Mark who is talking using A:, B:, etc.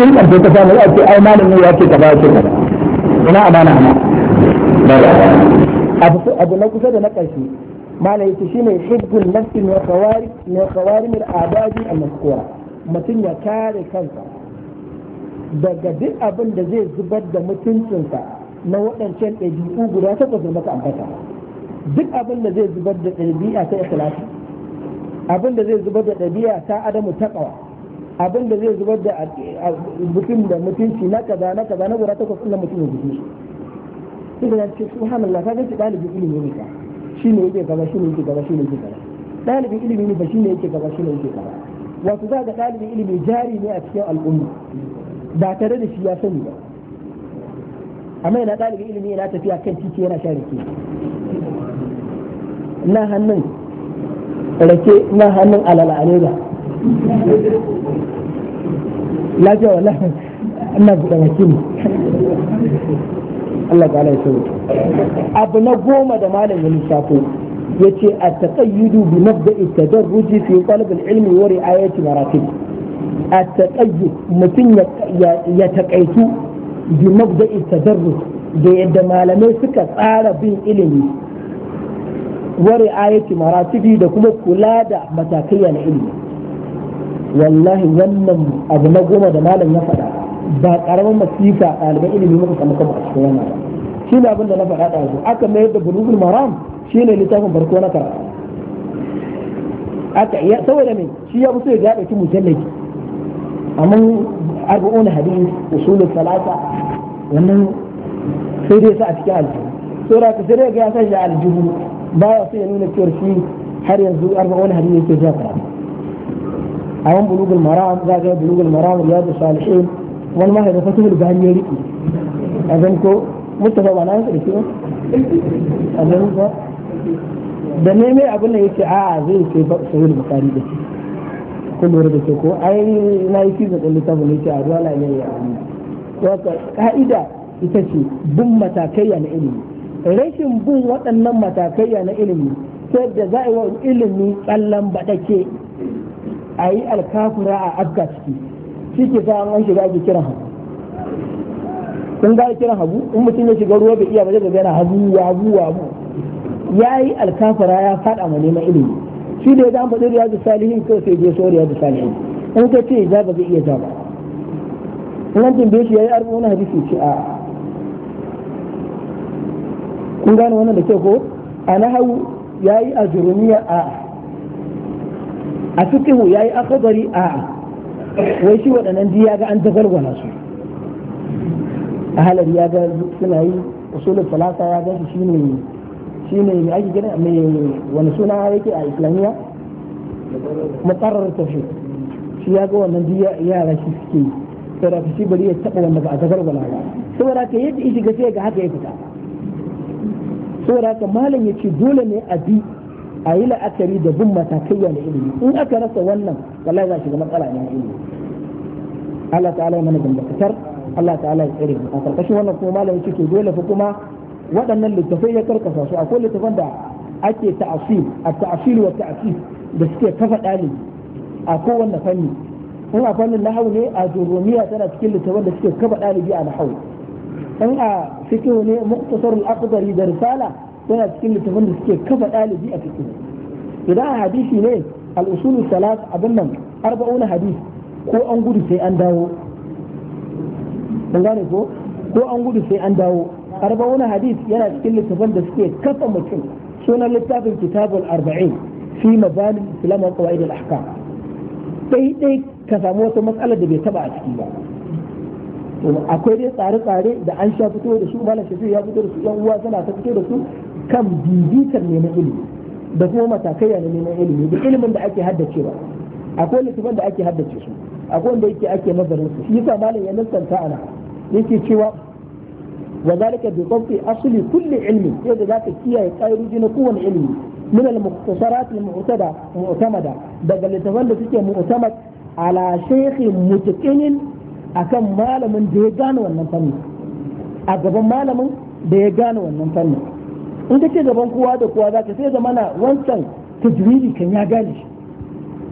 A: ta samu ce ai malamin ya abu na kusa da na ƙarshe mala shine hibbul nafsi min khawari min khawari min abadi al mutum ya kare kansa daga duk abin da zai zubar da mutuncinsa na waɗancan ɗabi'u guda ta da maka ambata duk abin da zai zubar da ɗabi'a ta ikhlasi abin da zai zubar da ɗabi'a ta adamu taqwa abin da zai zubar da mutum da mutunci na kaza na kaza na guda takwas ɗin mutum ya gudu shi sai da ce subhanallah ka gaci ɗalibi ilimi ne ka shine yake gaba, shine yake kaza shine yake gaba. ɗalibin ilimi ne ba shine yake kaza shine yake gaba. wato za ga ɗalibin ilimi jari ne a cikin al'umma ba tare da shi ya sani ba amma yana ɗalibin ilimi yana tafiya kan titi yana sha rake na hannun rake na hannun alala ba. lafiya wallahi ina buɗe baki ne Allah ta ala ya abu na goma da malam ya lissafo ya ce a taƙayyudu bi mabda'i ruji fi qalb al-ilmi wa mara maratib a taƙayyu mutum ya taƙaitu bi mabda'i tadarruj da yadda malamai suka tsara bin ilimi wa mara maratibi da kuma kula da matakai na ilimi wallahi wannan abu na goma da malam ya faɗa ba ƙaramin masifa ɗaliban ilimi muka samu kuma a cikin wannan shi ne abin da na faɗa ɗazu aka mayar da bulugul maram shi ne littafin farko na karatu aka ya saboda me shi ya fi so ya ɗauki mujallaji amma arba'un hadisi usulul salasa wannan sai dai sa a cikin aljihu saboda ka sai dai ga ya sa shi aljihu ya sai ya nuna cewa shi har yanzu arba'un hadisi yake ja fara. a bulugul maram za ga bulugul maram da salihin wani ma da fatuhul bani ya riki a zan ko mustafa ba na yi da ba? a zan ko da ne mai abin da yake a zai ce sahihul bukhari da ko lura da ke ko ai na yi kizin ɗin littafin ne ce a ruwa na yayi a ka'ida ita ce bin matakaiya na ilimi rashin bin waɗannan matakaiya na ilimi sai da za a yi wa ilimi tsallan baɗake a yi alkafura a afga ciki shi ke sa an shiga ake kiran hagu kun ga kiran hagu in mutum ya shiga ruwa bai iya ba zai yana hagu wabu wabu ya yi alkafura ya faɗa ma neman ilimi shi da ya dan faɗi riyadu salihin ko sai je so riyadu salihin in ka ce ya ba zai iya ja ba in shi ya yi hadisi ce a kun gane wannan da ke ko a nahawu ya yi a a a fikihu ya yi akadari a wai shi waɗannan ji ya ga an tafalwala su a halar ya ga suna yi usulul salasa ya ga shi ne shi ne mai ake gina mai wani suna yake a islamiyya matsarar tafi shi ya ga wannan ji yara shi suke yi sai da shi bari ya taɓa wanda ba a tafalwala ba saboda ka yadda ishi ga sai ga haka ya fita saboda ka malam ya ce dole ne a bi a yi la'akari da bin matakaiya na ilimi in aka rasa wannan wallahi za shiga matsala ne na ilimi Allah ta'ala ya mana gambatar Allah ta'ala ya tsare a karkashin wannan kuma malamin ke dole fa kuma waɗannan littafai ya karkasa su akwai littafan da ake ta'asir a ta'asir wa ta'asir da suke kafa ɗalibi a kowanne fanni in a fannin nahawu ne a jurumiya tana cikin littafan da suke kafa ɗalibi a nahawu in a fikihu ne muqtasar al-aqdari da risala yana cikin littafin da suke kafa ɗalibi a cikin idan a hadisi ne al'usulu salat abin nan arba'una hadis ko an gudu sai an dawo gane ko ko an gudu sai an dawo arba'una hadis yana cikin littafin da suke kafa mutum suna littafin kitabul arba'in fi mazalim islam wa qawaid al ahkam dai dai ka samu wata matsalar da bai taba a ciki ba akwai dai tsare-tsare da an sha fito da su na shafi ya fito da su yan uwa suna ta fito da su kan bibitar neman ilimi da kuma matakai na neman ilimi da ilimin da ake haddacewa akwai littafin da ake haddace su akwai wanda yake ake nazarin su shi yasa malam ya nasta nissanta ana yake cewa wa zalika bi qawli asli kulli ilmi yadda zaka kiyaye kairuji na kowane ilimi min al mukhtasarat al mu'tada mu'tamada daga littafan da suke mu'tamad ala shaykhi mutaqinin akan malamin da ya gane wannan fanni a gaban malamin da ya gane wannan fannin in ka gaban kowa da kowa za ka sai zamana wancan tajwidi kan ya gane shi